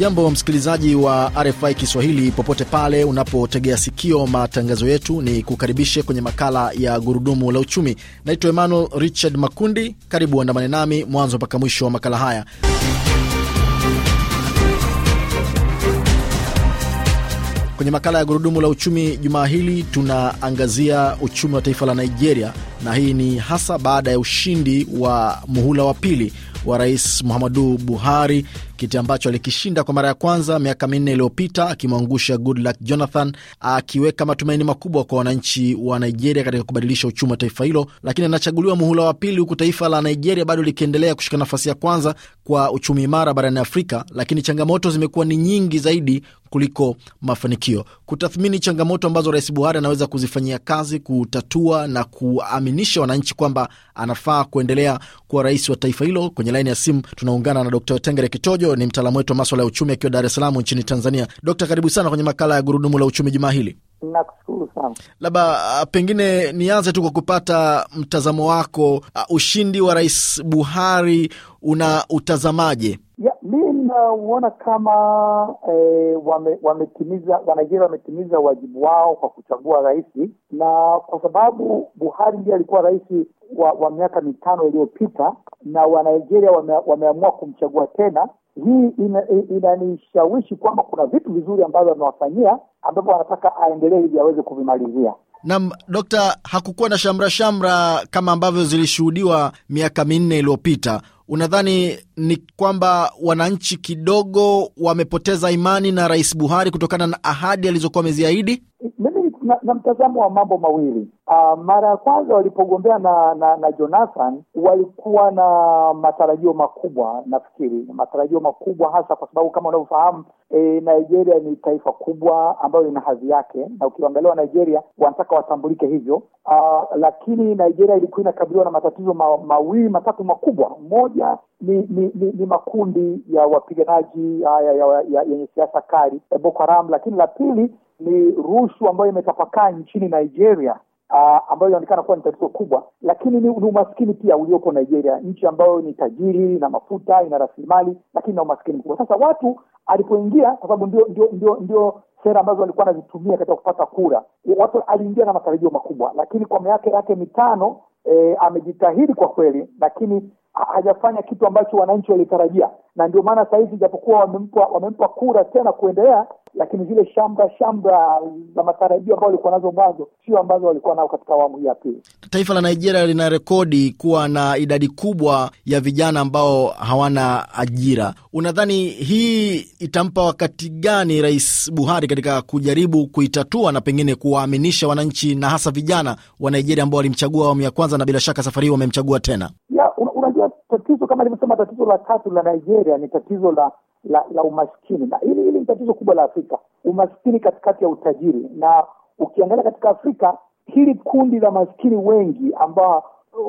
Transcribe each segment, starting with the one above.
Ujambo msikilizaji wa RFI Kiswahili popote pale unapotegea sikio matangazo yetu, ni kukaribishe kwenye makala ya gurudumu la uchumi. Naitwa Emmanuel Richard Makundi, karibu andamane nami mwanzo mpaka mwisho wa makala haya. Kwenye makala ya gurudumu la uchumi jumaa hili tunaangazia uchumi wa taifa la Nigeria, na hii ni hasa baada ya ushindi wa muhula wa pili wa Rais Muhammadu Buhari kiti ambacho alikishinda kwa mara ya kwanza miaka minne iliyopita akimwangusha Goodluck Jonathan, akiweka matumaini makubwa kwa wananchi wa Nigeria katika kubadilisha uchumi wa taifa hilo, lakini anachaguliwa muhula wa pili, huku taifa la Nigeria bado likiendelea kushika nafasi ya kwanza kwa uchumi imara barani Afrika, lakini changamoto zimekuwa ni nyingi zaidi kuliko mafanikio. Kutathmini changamoto ambazo Rais Buhari anaweza kuzifanyia kazi, kutatua na kuaminisha wananchi kwamba anafaa kuendelea kuwa rais wa taifa hilo, kwenye laini ya simu tunaungana na Dkt. Tengere Kitojo. Machweo ni mtaalamu wetu wa maswala ya uchumi akiwa Dar es Salaam nchini Tanzania. Dokta, karibu sana kwenye makala ya gurudumu la uchumi jumaa hili. Nakushukuru sana. Labda ah, pengine nianze tu kwa kupata mtazamo wako, uh, ushindi wa Rais Buhari una utazamaje? Ninauona kama e, wame, wametimiza Wanigeria wametimiza wajibu wao kwa kuchagua rais, na kwa sababu Buhari ndiye alikuwa rais wa, wa miaka mitano iliyopita na Wanigeria wame, wameamua kumchagua tena. Hii inanishawishi ina kwamba kuna vitu vizuri ambavyo amewafanyia ambapo wanataka aendelee ili aweze kuvimalizia. Nam Dokta, hakukuwa na shamra shamra kama ambavyo zilishuhudiwa miaka minne iliyopita. Unadhani ni kwamba wananchi kidogo wamepoteza imani na Rais Buhari kutokana na ahadi alizokuwa ameziahidi? na, na mtazamo wa mambo mawili. Uh, mara ya kwanza walipogombea na, na na Jonathan walikuwa na matarajio makubwa, nafikiri matarajio makubwa hasa kwa sababu kama unavyofahamu e, Nigeria ni taifa kubwa ambayo ina hadhi yake, na ukiangalia Nigeria wanataka watambulike hivyo. Uh, lakini Nigeria ilikuwa inakabiliwa na matatizo ma, mawili matatu makubwa. Moja ni ni, ni, ni makundi ya wapiganaji ah, yenye siasa kali Boko Haram, lakini la pili ni rushwa ambayo imetapakaa nchini Nigeria uh, ambayo inaonekana kuwa ni tatizo kubwa, lakini ni umaskini pia uliopo Nigeria, nchi ambayo ni tajiri na mafuta, ina rasilimali, lakini na umaskini mkubwa. Sasa watu alipoingia, kwa sababu ndio ndio ndio ndio sera ambazo walikuwa anazitumia katika kupata kura, watu aliingia na matarajio makubwa, lakini kwa miaka yake mitano e, amejitahidi kwa kweli, lakini hajafanya kitu ambacho wananchi walitarajia, na ndio maana sahizi ijapokuwa japokuwa wamempa wamempa kura tena kuendelea, lakini zile shamra shamra za matarajio ambayo walikuwa nazo mwanzo sio ambazo walikuwa nao katika awamu hii ya pili. Taifa la Nigeria lina rekodi kuwa na idadi kubwa ya vijana ambao hawana ajira. Unadhani hii itampa wakati gani Rais Buhari katika kujaribu kuitatua na pengine kuwaaminisha wananchi na hasa vijana wa Nigeria ambao walimchagua awamu ya kwanza na bila shaka safari hii wamemchagua tena? kama alivyosema, tatizo la tatu la Nigeria ni tatizo la la, la umaskini, na hili hili ni tatizo kubwa la Afrika, umaskini katikati ya utajiri. Na ukiangalia katika Afrika, hili kundi la maskini wengi ambao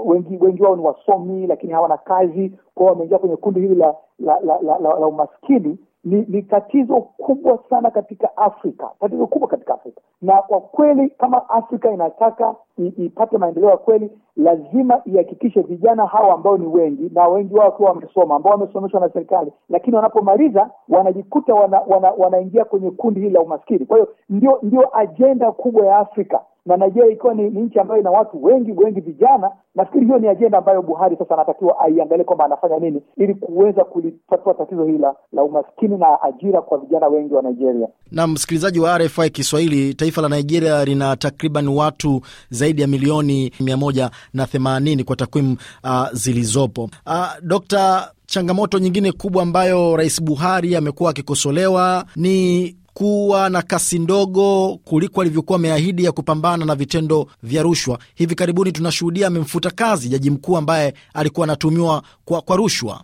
wengi wengi wao ni wasomi lakini hawana kazi, kwao wameingia kwenye kundi hili la la, la, la, la, la umaskini ni, ni tatizo kubwa sana katika Afrika, tatizo kubwa katika Afrika. Na kwa kweli kama Afrika inataka ipate maendeleo ya kweli, lazima ihakikishe vijana hawa ambao ni wengi na wengi wao wakiwa wamesoma, ambao wamesomeshwa na serikali, lakini wanapomaliza wanajikuta wanaingia wana, wana kwenye kundi hili la umaskini. Kwa hiyo ndio, ndio ajenda kubwa ya Afrika na najua ikiwa ni, ni nchi ambayo ina watu wengi wengi vijana. Nafikiri hiyo ni ajenda ambayo Buhari sasa anatakiwa aiangalie kwamba anafanya nini ili kuweza kulitatua tatizo hili la umaskini na ajira kwa vijana wengi wa Nigeria. Na msikilizaji wa RFI Kiswahili, taifa la Nigeria lina takriban watu zaidi zaidi ya milioni mia moja na themanini kwa takwimu uh, zilizopo. Uh, Dokta, changamoto nyingine kubwa ambayo Rais Buhari amekuwa akikosolewa ni kuwa na kasi ndogo kuliko alivyokuwa ameahidi ya kupambana na vitendo vya rushwa. Hivi karibuni tunashuhudia amemfuta kazi jaji mkuu ambaye alikuwa anatumiwa kwa, kwa rushwa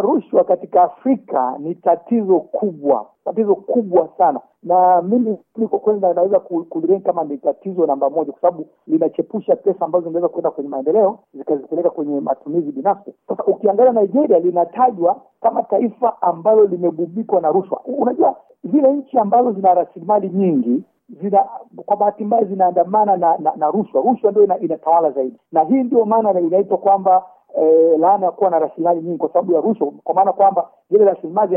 rushwa katika Afrika ni tatizo kubwa, tatizo kubwa sana, na mimi kwa kweli naweza kulirenki kama ni tatizo namba moja, kwa sababu linachepusha pesa ambazo zingeweza kuenda kwenye maendeleo zikazipeleka kwenye matumizi binafsi. Sasa ukiangalia Nigeria linatajwa kama taifa ambalo limegubikwa na rushwa. Unajua zile nchi ambazo zina rasilimali nyingi zina kwa bahati mbaya zinaandamana na, na, na rushwa. Rushwa ndio inatawala ina zaidi, na hii ndio maana inaitwa kwamba eh, laana ya kuwa na rasilimali nyingi kwa sababu ya rushwa, kwa maana kwamba zile rasilimali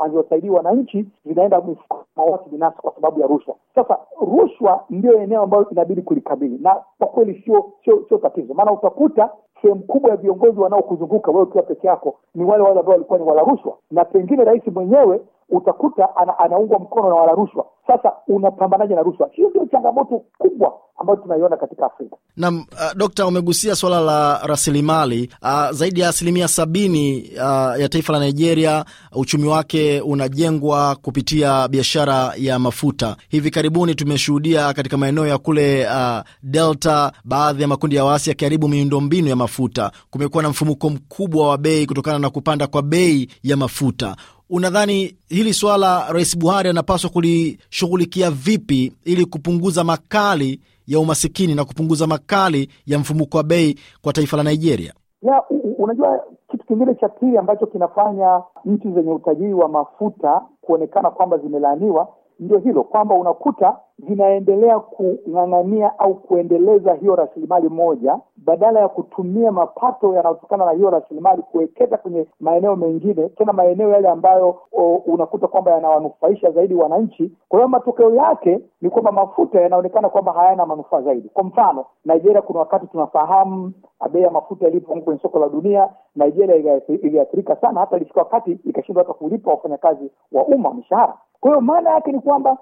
alizosaidia wananchi zinaenda mfukoni mwa watu binafsi kwa sababu ya rushwa. Sasa rushwa ndio eneo ambayo inabidi kulikabili, na kwa kweli sio sio sio tatizo, maana utakuta sehemu kubwa ya viongozi wanaokuzunguka wewe ukiwa peke yako ni wale wale ambao walikuwa ni wala rushwa, na pengine rais mwenyewe utakuta ana, anaungwa mkono na wala rushwa. Sasa unapambanaje na rushwa? Hiyo ndio changamoto kubwa ambayo tunaiona katika Afrika. nam uh, Dokta, umegusia swala la rasilimali. Uh, zaidi ya asilimia sabini uh, ya taifa la Nigeria uchumi wake unajengwa kupitia biashara ya mafuta. Hivi karibuni tumeshuhudia katika maeneo ya kule uh, Delta, baadhi ya makundi ya waasi yakiharibu miundo mbinu ya mafuta. Kumekuwa na mfumuko mkubwa wa bei kutokana na kupanda kwa bei ya mafuta unadhani hili swala Rais Buhari anapaswa kulishughulikia vipi ili kupunguza makali ya umasikini na kupunguza makali ya mfumuko wa bei kwa taifa la Nigeria? Ya, unajua kitu kingine cha pili ambacho kinafanya nchi zenye utajiri wa mafuta kuonekana kwamba zimelaaniwa ndio hilo kwamba unakuta vinaendelea kung'ang'ania au kuendeleza hiyo rasilimali moja badala ya kutumia mapato yanayotokana na hiyo rasilimali kuwekeza kwenye maeneo mengine, tena maeneo yale ambayo o, unakuta kwamba yanawanufaisha zaidi wananchi. Kwa hiyo matokeo yake ni kwamba mafuta yanaonekana kwamba hayana manufaa zaidi. Kwa mfano, Nigeria, kuna wakati tunafahamu bei ya mafuta ilipo kwenye soko la dunia, Nigeria iliathirika sana, hata ilifika wakati ikashindwa hata kulipa wafanyakazi wa umma mishahara. Kwa hiyo maana yake ni kwamba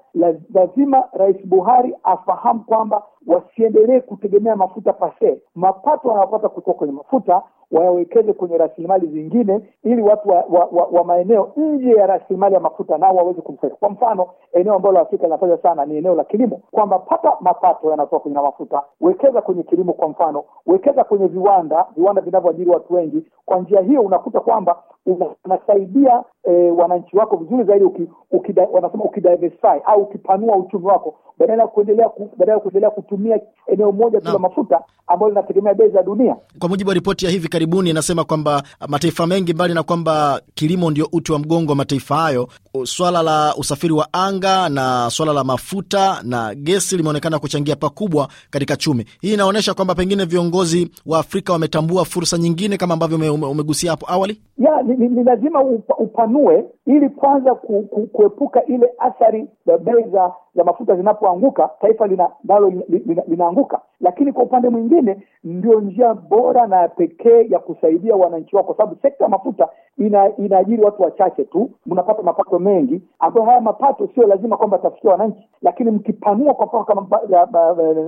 lazima Rais Buhari afahamu kwamba wasiendelee kutegemea mafuta pase. Mapato wanayopata kutoka kwenye mafuta wayawekeze kwenye rasilimali zingine, ili watu wa, wa, wa, wa maeneo nje ya rasilimali ya mafuta nao waweze kunufaika. Kwa mfano, eneo ambalo Afrika linafanya sana ni eneo la kilimo, kwamba pata mapato yanatoka kwenye mafuta, wekeza kwenye kilimo, kwa mfano, wekeza kwenye viwanda, viwanda vinavyoajiri watu wengi. Kwa njia hiyo unakuta kwamba unasaidia e, wananchi wako vizuri zaidi, uki, ukida, wanasema ukidiversify au ukipanua uchumi wako badala ya kuendelea badala ya kuendelea kutu kutumia eneo moja tu la mafuta ambalo linategemea bei za dunia. Kwa mujibu wa ripoti ya hivi karibuni inasema kwamba mataifa mengi, mbali na kwamba kilimo ndio uti wa mgongo wa mataifa hayo, swala la usafiri wa anga na swala la mafuta na gesi limeonekana kuchangia pakubwa katika chumi. Hii inaonyesha kwamba pengine viongozi wa Afrika wametambua fursa nyingine kama ambavyo umegusia hapo awali. Ya, ni, ni lazima upanue ili kwanza ku, ku, kuepuka ile athari bei za mafuta zinapoanguka, taifa linalo li, linaanguka. Lakini kwa upande mwingine, ndio njia bora na pekee ya kusaidia wananchi wako, kwa sababu sekta ya mafuta ina inaajiri watu wachache tu, mnapata mapato mengi, ambayo haya mapato sio lazima kwamba atafikia wananchi. Lakini mkipanua kwa mfano kama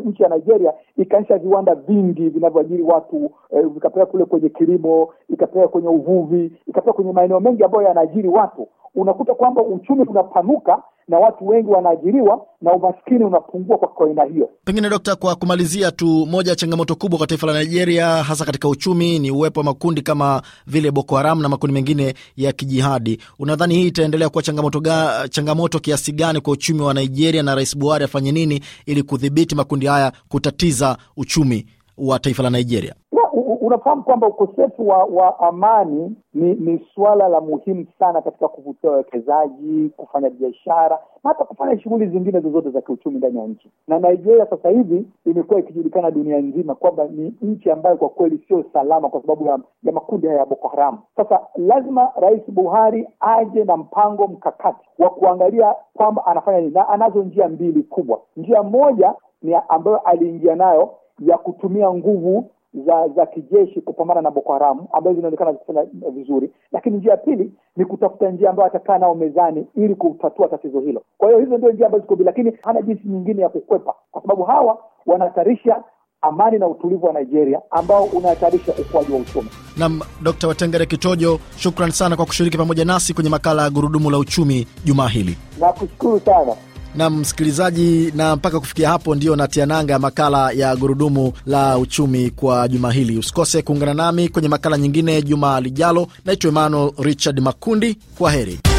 nchi ya Nigeria ikaanzisha viwanda vingi vinavyoajiri watu eh, vikapeleka kule kwenye kilimo, ikapeleka kwenye uvuvi, ikapeleka kwenye maeneo mengi ambayo yanaajiri watu, unakuta kwamba uchumi unapanuka na watu wengi wanaajiriwa na umaskini unapungua kwa aina hiyo. Pengine Dokta, kwa kumalizia tu, moja ya changamoto kubwa kwa taifa la Nigeria hasa katika uchumi ni uwepo wa makundi kama vile Boko Haram na makundi mengine ya kijihadi. Unadhani hii itaendelea kuwa changamoto, ga, changamoto kiasi gani kwa uchumi wa Nigeria na Rais Buhari afanye nini ili kudhibiti makundi haya kutatiza uchumi wa taifa la Nigeria? unafahamu kwamba ukosefu wa, wa amani ni ni suala la muhimu sana katika kuvutia wawekezaji, kufanya biashara na hata kufanya shughuli zingine zozote za kiuchumi ndani ya nchi. Na Nigeria sasa hivi imekuwa ikijulikana dunia nzima kwamba ni nchi ambayo kwa kweli sio salama kwa sababu ya, ya makundi haya ya Boko Haram. Sasa lazima Rais Buhari aje na mpango mkakati wa kuangalia kwamba anafanya nini, na anazo njia mbili kubwa. Njia moja ni ambayo aliingia nayo ya kutumia nguvu za za kijeshi kupambana na Boko Haramu ambazo zinaonekana zikifanya vizuri, lakini njia ya pili ni kutafuta njia ambayo atakaa nao mezani ili kutatua tatizo hilo. Kwa hiyo hizo ndio njia ambazo ziko bila, lakini hana jinsi nyingine ya kukwepa, kwa sababu hawa wanahatarisha amani na utulivu wa Nigeria ambao unahatarisha ukuaji wa uchumi. Nam Dkt. Watengere Kitojo, shukran sana kwa kushiriki pamoja nasi kwenye makala ya Gurudumu la Uchumi jumaa hili. Nakushukuru sana na msikilizaji, na mpaka kufikia hapo ndio natia nanga ya makala ya gurudumu la uchumi kwa juma hili. Usikose kuungana nami kwenye makala nyingine juma lijalo. Naitwa Emmanuel Richard Makundi, kwa heri.